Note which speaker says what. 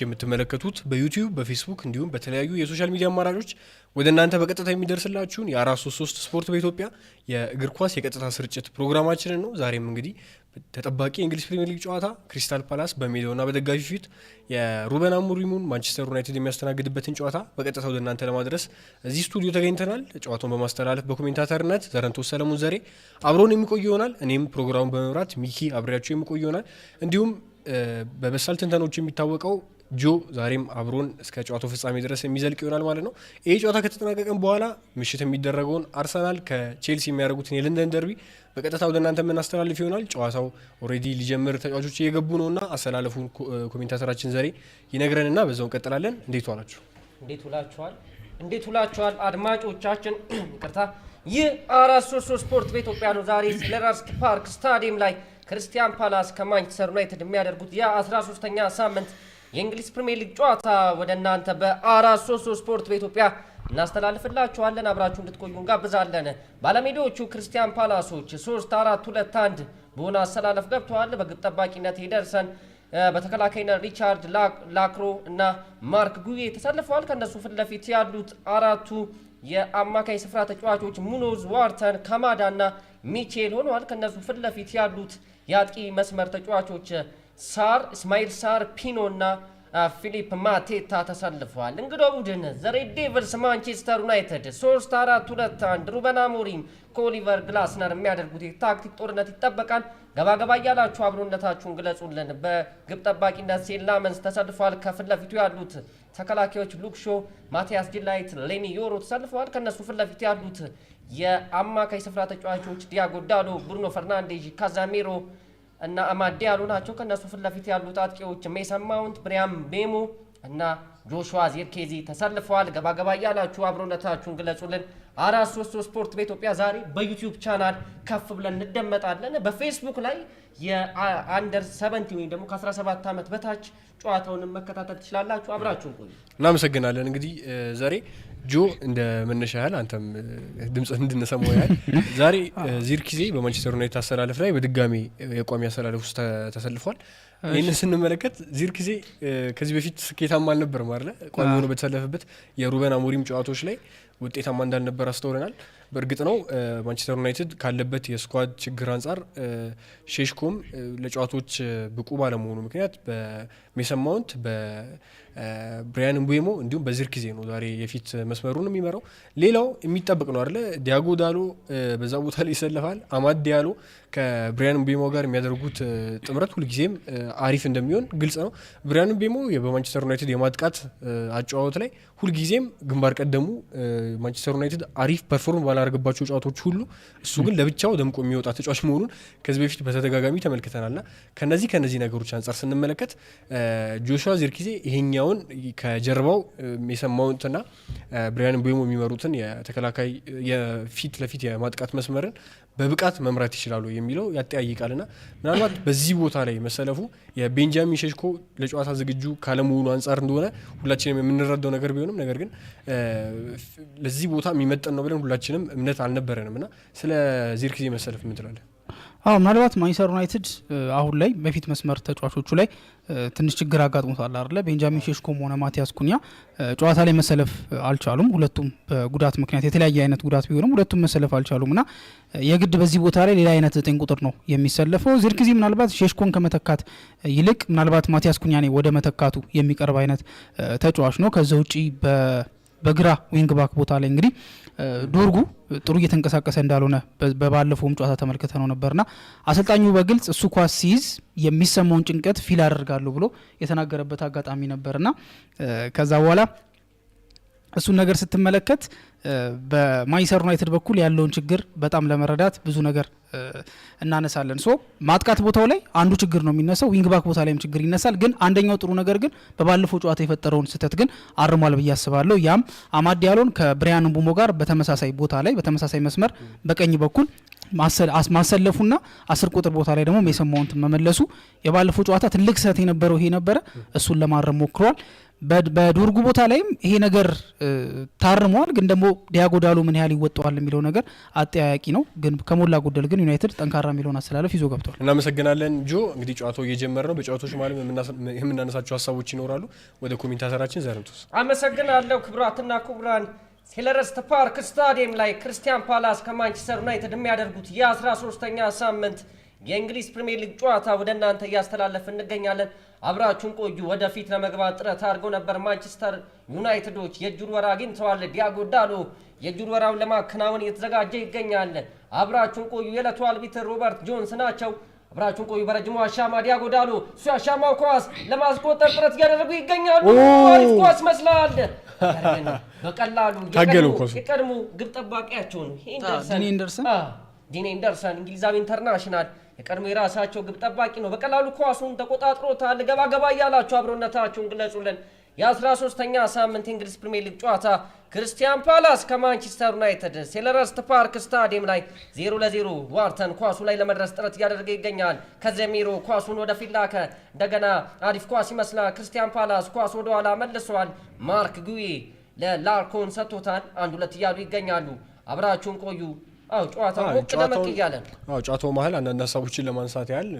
Speaker 1: የምትመለከቱት በዩቲዩብ በፌስቡክ እንዲሁም በተለያዩ የሶሻል ሚዲያ አማራጮች ወደ እናንተ በቀጥታ የሚደርስላችሁን የአራት ሶስት ሶስት ስፖርት በኢትዮጵያ የእግር ኳስ የቀጥታ ስርጭት ፕሮግራማችንን ነው። ዛሬም እንግዲህ ተጠባቂ የእንግሊዝ ፕሪምየር ሊግ ጨዋታ ክሪስታል ፓላስ በሜዳውና በደጋፊ ፊት የሩበን አሙሪሙን ማንቸስተር ዩናይትድ የሚያስተናግድበትን ጨዋታ በቀጥታ ወደ እናንተ ለማድረስ እዚህ ስቱዲዮ ተገኝተናል። ጨዋታውን በማስተላለፍ በኮሜንታተርነት ዘረንቶ ሰለሞን ዘሬ አብሮን የሚቆይ ይሆናል። እኔም ፕሮግራሙን በመምራት ሚኪ አብሬያቸው የሚቆይ ይሆናል። እንዲሁም በበሳል ትንተኖች የሚታወቀው ጆ ዛሬም አብሮን እስከ ጨዋታው ፍጻሜ ድረስ የሚዘልቅ ይሆናል ማለት ነው። ይህ ጨዋታ ከተጠናቀቀም በኋላ ምሽት የሚደረገውን አርሰናል ከቼልሲ የሚያደርጉትን የለንደን ደርቢ በቀጥታ ወደ እናንተ የምናስተላልፍ ይሆናል። ጨዋታው ኦልሬዲ ሊጀምር ተጫዋቾች እየገቡ ነው እና አሰላለፉን ኮሜንታተራችን ዘሬ ይነግረን እና በዛው እንቀጥላለን። እንዴት ዋላችሁ?
Speaker 2: እንዴት ውላችኋል? እንዴት ውላችኋል አድማጮቻችን፣ ይቅርታ ይህ አራት ሶስት ሶስት ስፖርት በኢትዮጵያ ነው። ዛሬ ኤልራድ ፓርክ ስታዲየም ላይ ክርስቲያን ፓላስ ከማንቸስተር ዩናይትድ የሚያደርጉት የ13ኛ ሳምንት የእንግሊዝ ፕሪሚየር ሊግ ጨዋታ ወደ እናንተ በአራት ሶስት ሶስት ስፖርት በኢትዮጵያ እናስተላልፍላችኋለን። አብራችሁ እንድትቆዩ እንጋብዛለን። ባለሜዳዎቹ ክርስቲያን ፓላሶች ሶስት አራት ሁለት አንድ በሆነ አሰላለፍ ገብተዋል። በግብ ጠባቂነት ሄደርሰን በተከላካይነት ሪቻርድ ላክሮ እና ማርክ ጉዬ ተሰልፈዋል። ከእነሱ ፊት ለፊት ያሉት አራቱ የአማካይ ስፍራ ተጫዋቾች ሙኖዝ፣ ዋርተን፣ ከማዳ እና ሚቼል ሆነዋል። ከእነሱ ፊት ለፊት ያሉት የአጥቂ መስመር ተጫዋቾች ሳር እስማኤል ሳር ፒኖ እና ፊሊፕ ማቴታ ተሰልፈዋል። እንግዶ ቡድን ዘሬ ዴቪልስ ማንቸስተር ዩናይትድ 3 4 2 1 ሩበን አሞሪም ከኦሊቨር ግላስነር የሚያደርጉት የታክቲክ ጦርነት ይጠበቃል። ገባገባ እያላችሁ አብሮነታችሁን ግለጹልን። በግብ ጠባቂነት ሴላመንስ ተሰልፏል። ከፊት ለፊቱ ያሉት ተከላካዮች ሉክሾ፣ ማቲያስ ዲላይት፣ ሌኒ ዮሮ ተሰልፈዋል። ከእነሱ ፊት ለፊት ያሉት የአማካይ ስፍራ ተጫዋቾች ዲያጎ ዳሎ፣ ብሩኖ ፈርናንዴዥ፣ ካዛሜሮ እና አማዴ ያሉ ናቸው። ከእነሱ ፊት ለፊት ያሉት አጥቂዎች ሜሰን ማውንት፣ ብሪያም ቤሙ እና ጆሹዋ ዚርኬዚ ተሰልፈዋል። ገባገባ እያላችሁ አብሮነታችሁን ግለጹልን። አራት ሶስት ስፖርት በኢትዮጵያ ዛሬ በዩቲዩብ ቻናል ከፍ ብለን እንደመጣለን። በፌስቡክ ላይ የአንደር 70 ወይም ደግሞ ከ17 ዓመት በታች ጨዋታውን መከታተል ትችላላችሁ። አብራችሁን ቆዩ።
Speaker 1: እናመሰግናለን። እንግዲህ ዛሬ ጆ እንደ መነሻ ያህል አንተም ድምጽ እንድንሰማው ያህል ዛሬ ዚርክዜ በማንቸስተር ዩናይትድ አሰላለፍ ላይ በድጋሚ የቋሚ አሰላለፍ ውስጥ ተሰልፏል። ይህንን ስንመለከት ዚርክዜ ከዚህ በፊት ስኬታማ አልነበርም አለ ቋሚ ሆኖ በተሰለፈበት የሩበን አሞሪም ጨዋታዎች ላይ ውጤታማ እንዳልነበር አስተውለናል። በእርግጥ ነው ማንቸስተር ዩናይትድ ካለበት የስኳድ ችግር አንጻር ሼሽኮም ለጨዋቶች ብቁ ባለመሆኑ ምክንያት በሜሰን ማውንት በብሪያን ምቡሞ እንዲሁም ጊዜ ነው ዛሬ የፊት መስመሩን የሚመራው። ሌላው የሚጠበቅ ነው አለ ዲያጎ ዳሎ በዛ ቦታ ላይ ይሰለፋል። አማድ ዲያሎ ከብሪያን ምቡሞ ጋር የሚያደርጉት ጥምረት ሁልጊዜም አሪፍ እንደሚሆን ግልጽ ነው። ብሪያን ምቡሞ በማንቸስተር ዩናይትድ የማጥቃት አጨዋወት ላይ ሁልጊዜም ግንባር ቀደሙ ማንቸስተር ዩናይትድ አሪፍ ፐርፎርም ባላ ካላደረገባቸው ጨዋታዎች ሁሉ እሱ ግን ለብቻው ደምቆ የሚወጣ ተጫዋች መሆኑን ከዚህ በፊት በተደጋጋሚ ተመልክተናልና ከነዚህ ከነዚህ ነገሮች አንጻር ስንመለከት ጆሹዋ ዚርኪዜ ይሄኛውን ከጀርባው የሰማውንትና ብሪያን ቤሞ የሚመሩትን የተከላካይ የፊት ለፊት የማጥቃት መስመርን በብቃት መምራት ይችላሉ የሚለው ና ምናልባት በዚህ ቦታ ላይ መሰለፉ የቤንጃሚን ሸሽኮ ለጨዋታ ዝግጁ ካለመሆኑ አንጻር እንደሆነ ሁላችንም የምንረዳው ነገር ቢሆንም ነገር ግን ለዚህ ቦታ የሚመጠን ነው ብለን ሁላችንም እምነት አልነበረንም እና ስለ ዚርክዜ መሰለፍ ምን ትላለህ?
Speaker 3: አዎ ምናልባት ማንቸስተር ዩናይትድ አሁን ላይ በፊት መስመር ተጫዋቾቹ ላይ ትንሽ ችግር አጋጥሞታል አለ ቤንጃሚን ሼሽኮም ሆነ ማቲያስ ኩኒያ ጨዋታ ላይ መሰለፍ አልቻሉም። ሁለቱም በጉዳት ምክንያት የተለያየ አይነት ጉዳት ቢሆንም ሁለቱም መሰለፍ አልቻሉም እና የግድ በዚህ ቦታ ላይ ሌላ አይነት ዘጠኝ ቁጥር ነው የሚሰለፈው። ጊዜ ምናልባት ሼሽኮን ከመተካት ይልቅ ምናልባት ማቲያስ ኩኒያ ወደ መተካቱ የሚቀርብ አይነት ተጫዋች ነው። ከዚ ውጪ በግራ ዊንግ ባክ ቦታ ላይ እንግዲህ ዶርጉ ጥሩ እየተንቀሳቀሰ እንዳልሆነ በባለፈውም ጨዋታ ተመልክተ ነው ነበርና አሰልጣኙ በግልጽ እሱ ኳስ ሲይዝ የሚሰማውን ጭንቀት ፊል አደርጋለሁ ብሎ የተናገረበት አጋጣሚ ነበርና ከዛ በኋላ እሱን ነገር ስትመለከት በማይሰር ዩናይትድ በኩል ያለውን ችግር በጣም ለመረዳት ብዙ ነገር እናነሳለን። ሶ ማጥቃት ቦታው ላይ አንዱ ችግር ነው የሚነሳው። ዊንግ ባክ ቦታ ላይም ችግር ይነሳል። ግን አንደኛው ጥሩ ነገር ግን በባለፈው ጨዋታ የፈጠረውን ስህተት ግን አርሟል ብዬ አስባለሁ። ያም አማድ ዲያሎን ከብሪያን ቡሞ ጋር በተመሳሳይ ቦታ ላይ በተመሳሳይ መስመር በቀኝ በኩል ማሰለፉና አስር ቁጥር ቦታ ላይ ደግሞ ሜሰን ማውንትን መመለሱ የባለፈው ጨዋታ ትልቅ ስህተት የነበረው ይሄ ነበረ። እሱን ለማረም ሞክሯል። በዱርጉ ቦታ ላይም ይሄ ነገር ታርሟል። ግን ደግሞ ዲያጎ ዳሎ ምን ያህል ይወጣዋል የሚለው ነገር አጠያያቂ ነው። ግን ከሞላ ጎደል ግን ዩናይትድ ጠንካራ የሚለውን አስተላለፍ ይዞ ገብቷል።
Speaker 1: እናመሰግናለን ጆ። እንግዲህ ጨዋታው እየጀመረ ነው። በጨዋታዎች ማለም የምናነሳቸው ሀሳቦች ይኖራሉ። ወደ ኮሜንታተራችን ዘርንቱስ
Speaker 2: አመሰግናለሁ። ክብራትና ክቡራን ሴልኸርስት ፓርክ ስታዲየም ላይ ክርስቲያን ፓላስ ከማንቸስተር ዩናይትድ የሚያደርጉት የ13ኛ ሳምንት የእንግሊዝ ፕሪምየር ሊግ ጨዋታ ወደ እናንተ እያስተላለፍ እንገኛለን። አብራችሁን ቆዩ። ወደፊት ለመግባት ጥረት አድርጎ ነበር ማንቸስተር ዩናይትዶች የእጁን ወራ አግኝተዋል። ዲያጎ ዳሎ ወራውን ለማከናወን እየተዘጋጀ ይገኛል። አብራችሁን ቆዩ። የዕለቱ አልቢትር ሮበርት ጆንስ ናቸው። አብራችሁን ቆዩ። በረጅሙ አሻማ ዲያጎ ዳሎ እሱ ያሻማው ኳስ ለማስቆጠር ጥረት እያደረጉ ይገኛሉ። አሪፍ ኳስ መስላል። በቀላሉ
Speaker 1: የቀድሞ
Speaker 2: ግብ ነው ኢንደርሰን ዲን ኤንደርሰን፣ እንግሊዛዊ ኢንተርናሽናል የቀድሞ የራሳቸው ግብ ጠባቂ ነው። በቀላሉ ኳሱን ተቆጣጥሮታል። ገባገባ እያላችሁ አብሮነታችሁን ግለጹልን። የ13ኛ ሳምንት የእንግሊዝ ፕሪምየር ሊግ ጨዋታ ክርስቲያን ፓላስ ከማንቸስተር ዩናይትድ ሴለረስት ፓርክ ስታዲየም ላይ 0 ለ0 ዋርተን ኳሱ ላይ ለመድረስ ጥረት እያደረገ ይገኛል። ከዘሚሮ ኳሱን ወደፊት ላከ። እንደገና አሪፍ ኳስ ይመስላል። ክርስቲያን ፓላስ ኳስ ወደኋላ መልሰዋል። ማርክ ጉዌ ለላርኮን ሰጥቶታል። አንድ ሁለት እያሉ ይገኛሉ። አብራችሁን ቆዩ። ጨዋታው ሞቅ ደመቅ እያለ ነው።
Speaker 1: ጨዋታው መሀል አንዳንድ ሀሳቦችን ለማንሳት ያህል